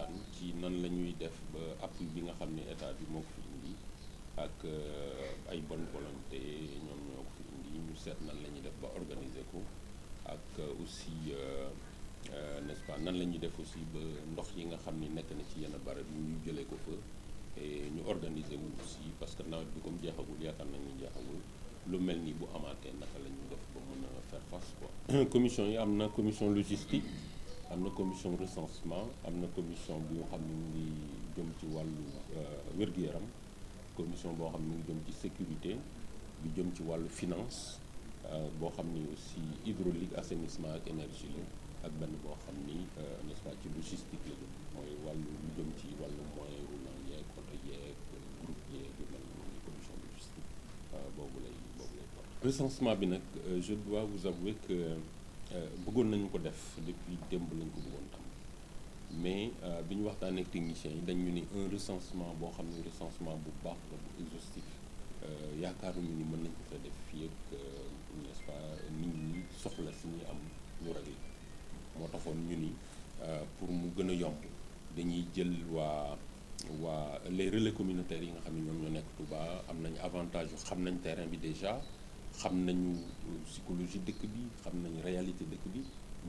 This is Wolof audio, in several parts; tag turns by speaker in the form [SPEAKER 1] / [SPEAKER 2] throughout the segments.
[SPEAKER 1] waxtaan ci nan la ñuy def ba appui bi nga xam ne état bi moo ko fi indi ak euh, ay bonne volonté ñoom ñoo ñu seet nan la ñuy def ba organiser ko ak euh, aussi euh, n'est-ce pas nan la ñuy def aussi ba ndox yi nga xam ni nekk na ci yenn barab yi ñu jëlee ko fa et ñu organiser wu aussi parce que nawet bi comme jeexagul yaakaar nañ jeexagul lu mel ni bu amaatee naka la ñuy def ba mën a faire face quoi. commission yi am na commission logistique. am na commission recensement am na commission boo xam ne mu ngi jëm ci wàllu euh, wér-gu-yaram commission boo xam ne mu ngi jëm ci sécurité bi jëm ci wàllu finance euh, boo xam ni aussi hydraulique assainissement ak énergie la ak benn boo xam ni euh, nest ci logistique la jëm mooy wàllu lu jëm ci wàllu moyen wu naan yeeg oto yeeg groupe yeeg yu mel noonu commission logistique boobu lay boobu lay porte recensement bi nag je dois vous avouer que Euh, bëggoon nañu ko def depuis démb lañu ko bëggoon tam mais euh, bi ñu waxtaanee ak techniciens yi dañu ni un recensement boo xam ne recensement bu baax la bu exhaustif euh, yaakaaruñu ni mën nañ ko fa def fii ak nit ñi soxla si ñu am ñu réglé moo taxoon ñu ni pour mu gën a yomb dañuy jël waa waa les relais communautaires yi nga xam ne ñoom ñoo nekk Touba am nañ avantage yu xam nañ terrain bi déjà xam nañu psychologie dëkk bi xam nañu réalité dëkk bi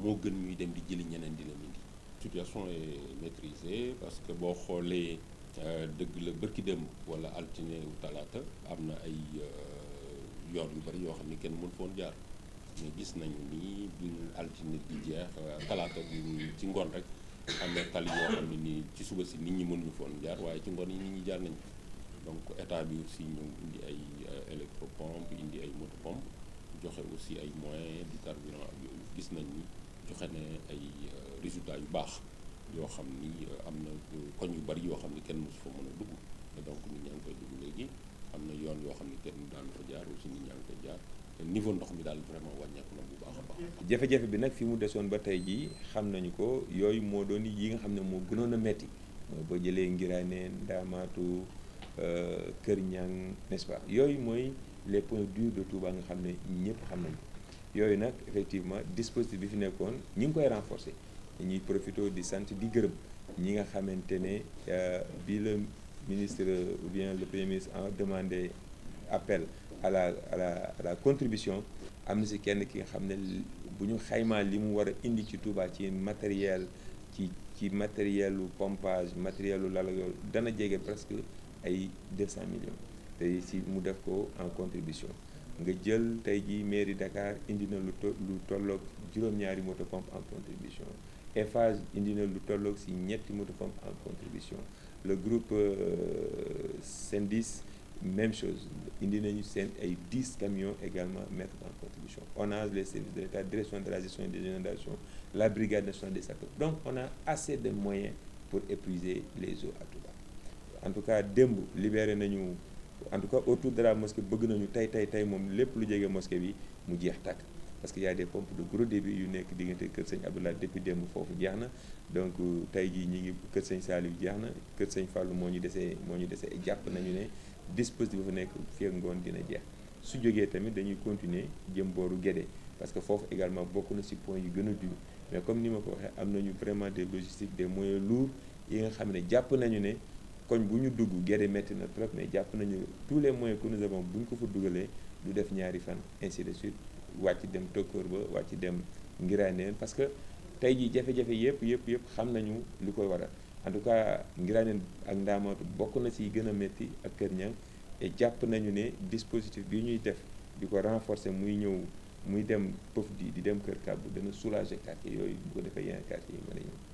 [SPEAKER 1] moo gën ñuy dem di jëli ñeneen di leen indi situation est maîtrisée parce que boo xoolee euh, dëgg la bërki dem wala altine talaata am na ay euh, yoon yu bëri yoo xam ne kenn mënu foon jaar mais gis nañu ni bi altine di jeex euh, talaata bi ci ngoon rek xam na tali yoo xam ne ni ci suba si nit ñi mënuñu foon jaar waaye ci ngoon yi nit ñi jaar nañu donc état bi aussi ñëw indi ay électropompe indi ay motopompe joxe aussi ay moyens du carburant ak gis nañ ni joxe ne ay euh, résultats yu baax yoo xam ni euh, am na koñ yu bari yoo xam ne kenn mosu fa mën a dugg te donc nit léegi am na yoon yoo xam ni kenn daan fa jaar aussi
[SPEAKER 2] nit ñaa ngi koy jaar niveau ndox mi daal vraiment wàññeeku na bu baax a baax. jafe-jafe bi nag fi mu desoon ba tey jii xam nañu ko yooyu moo doon yi nga xam ne moo gënoon a metti boo jëlee Ngiraaneen Ndaamaatu Euh, Kër Ñang n'est-ce yooyu mooy les points durs de Touba nga xam ne ñëpp xam nañu yooyu nag effectivement dispositif bi fi nekkoon ñi ngi koy renforcer ñuy profité di sant di gërëm ñi nga xamante ne euh, bi le ministre ou bien le premier ministre a demandé appel à la à la la contribution am na si kenn ki nga xam ne bu ñu xaymaa li mu war a indi ci Touba ci matériel ci ci matérielu pompage matérielu lal dana jege presque ay 200 millions tey si mu def ko en contribution nga jël tey jii mairie Dakar indi na lu lu tolloog juróom-ñaari moto pompe en contribution Eiffage indi na lu tolloog si ñetti moto pompe en contribution le groupe euh, Sendis même chose indi nañu seen ay 10 camions également mettre en contribution ONAS les services de l'État direction de la gestion des inondations la brigade nationale des sapeurs donc on a assez de moyens pour épuiser les eaux à Touba en tout cas démb libéré nañu en tout cas autour de la bëgg nañu tey tey tey moom lépp lu jege mosquée bi mu jeex tàkk parce que y a des pompes de gros débit yu nekk diggante Kër Sëñ Abdoulaye depuis démb foofu jeex na donc euh, tey jii ñi ngi Kër Sëñ Saliou jeex na Kër Sëñ Fallou moo ñu desee moo ñu desee jàpp nañu ne dispositif bu fa nekk fii ngoon dina jeex su jógee tamit dañuy continuer jëm booru Guédé parce que foofu également bokk na ci point yu gën a mais comme ni ma ko am nañu vraiment des logistiques des moyens lourds yi nga xam ne jàpp nañu ne koñ bu ñu dugg guerre métti na trop mais jàpp nañu tous les moyens que nous bu ñu ko fa dugalee du def ñaari fan ainsi de suite wàcc dem tokkoor ba wàcc dem ngiraaneen parce que tey jii jafe-jafe yëpp yëpp yëpp xam nañu lu koy waral en tout cas ngiraaneen ak ndaamaatu bokk na ci gën a métti ak Kër Niang et jàpp nañu ne dispositif bi ñuy def di ko renforcer muy ñëw muy dem pëf di di dem kër kàbbu dana soulager quartier yooyu bu ko defee yeneen quartier yi mën a ñëw